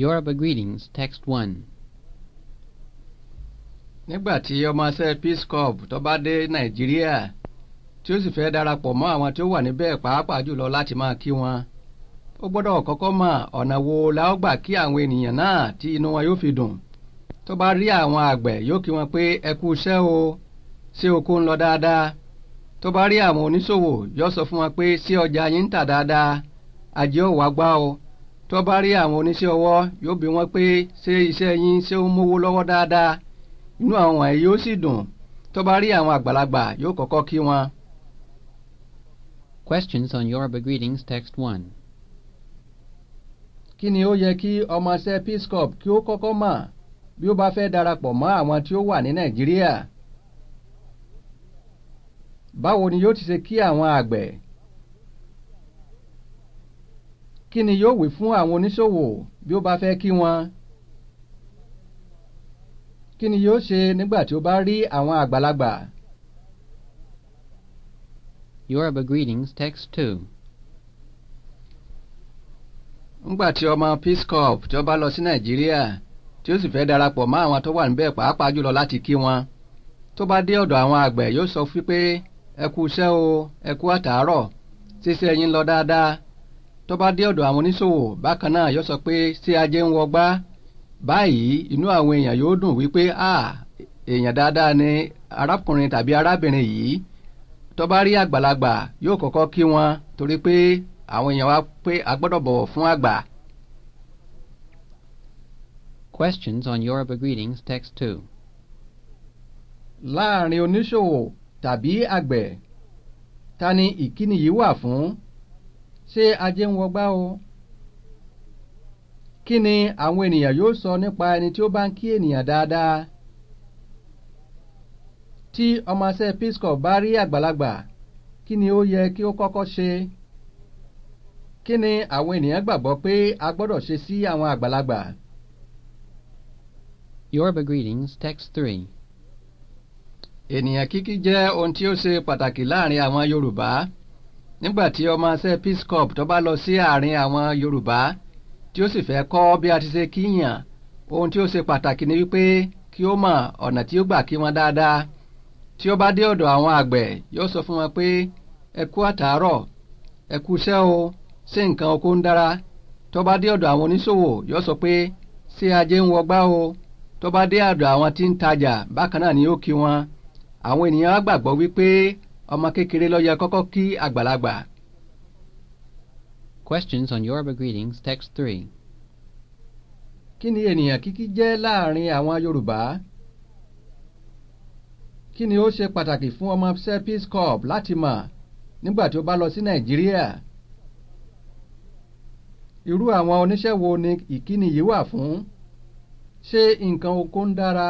Yoruba Greetings, Text 1. nígbà tí ọmọọṣẹ́ Peace Corps tó bá dé Nàìjíríà tí ó sì fẹ́ darapọ̀ mọ́ àwọn tí ó wà níbẹ̀ pàápàá jùlọ láti máa kí wọn ó gbọ́dọ̀ kọ́kọ́ mọ̀ ọ̀nà wo la ó gbà kí àwọn ènìyàn náà tí inú wọn yóò fi dùn tó bá rí àwọn àgbẹ̀ wọn pé ẹ kú iṣẹ́ o ṣé ń lọ dáadáa tó bá rí àwọn sọ fún wọn pé ṣé ọjà yín ń tà dáadáa ò tó bá rí àwọn oníṣẹ́ ọwọ́ yóò bi wọ́n pé ṣé iṣẹ́ yín ṣé ó mówó lọ́wọ́ dáadáa inú àwọn wọ̀nyí yóò sì dùn tó bá rí àwọn àgbàlagbà yóò kọ́kọ́ kí wọn. Questions on Yoruba greetings text one. Kí ni ó yẹ kí ọmọọṣẹ́ Peace Corps kí ó kọ́kọ́ mọ̀ bí ó bá fẹ́ darapọ̀ mọ́ àwọn tí ó wà ní Nàìjíríà? Báwo ni yóò ti ṣe kí àwọn àgbẹ̀? kí ni yóò wí fún àwọn oníṣòwò bí ó bá fẹ́ kí wọ́n? kí ni yóò ṣe nígbà tí ó bá rí àwọn àgbàlagbà? Yoruba Greetings Text Two. Ngbà tí ọmọ Peace Corps tí ó bá lọ sí Nàìjíríà tí ó sì fẹ́ darapọ̀ mọ́ àwọn tó wà níbẹ̀ pàápàá jùlọ láti kí wọn. Tó bá dé ọ̀dọ̀ àwọn àgbẹ̀ yóò sọ fún pé ẹ kú iṣẹ́ o ẹ kú àtàárọ̀ ṣíṣe ẹyin lọ dáadáa tó dé ọ̀dọ̀ àwọn oníṣòwò bákan náà yóò sọ pé ṣé ajé ń wọgbá báyìí inú àwọn èèyàn yóò dùn wípé a èèyàn dáadáa ni arákùnrin tàbí arábìnrin yìí tó rí àgbàlagbà yóò kọ́kọ́ kí wọn torí pé àwọn èèyàn wa pé a gbọ́dọ̀ bọ̀wọ̀ fún àgbà. Questions on Yoruba greetings text two. Láàárín oníṣòwò tàbí àgbẹ̀ ta ni ìkíni yìí wà fún? ṣé ajé ń wọgbá o kí ni àwọn ènìyàn yóò sọ nípa ẹni tí ó bá ń kí ènìyàn dáadáa tí ọmọọṣẹ́ pisco bá rí àgbàlagbà kí ni ó yẹ kí ó kọ́kọ́ ṣe kí ni àwọn ènìyàn gbàgbọ́ pé a gbọ́dọ̀ ṣe sí àwọn àgbàlagbà. Yoruba greetings text three. ènìyàn kíkí jẹ́ ohun tí ó ṣe pàtàkì láàrin àwọn Yorùbá nígbàtí ọmọọṣẹ́ Peace Corps tó bá lọ sí àárín àwọn Yorùbá tí ó sì fẹ́ kọ́ bí a ti ṣe kíyàn ohun tí ó ṣe pàtàkì ni wípé kí ó mọ ọ̀nà tí ó gbà kí wọn dáadáa tí ó bá dé ọ̀dọ̀ àwọn àgbẹ̀ yóò sọ fún wọn pé ẹ kú àtàárọ̀ ẹ kú iṣẹ́ o ṣé nǹkan oko ń dára tó bá dé ọ̀dọ̀ àwọn oníṣòwò yóò sọ pé ṣé ajé ń wọgbá o tó bá dé ọ̀dọ̀ àwọn tí ń tajà bákan náà ni ó kí wọn àwọn ènìyàn gbàgbọ́ wípé ọmọ kékeré ló yẹ kọ́kọ́ kí àgbàlagbà. questions on Yoruba greetings text three. kí ni ènìyàn kíkí jẹ́ láàrin àwọn Yorùbá? kí ni ó ṣe pàtàkì fún ọmọ Peace Corps láti mọ̀ nígbà tí ó bá lọ sí Nàìjíríà? irú àwọn oníṣẹ́ wo ni ìkíni yìí wà fún? ṣé nǹkan oko ń dára?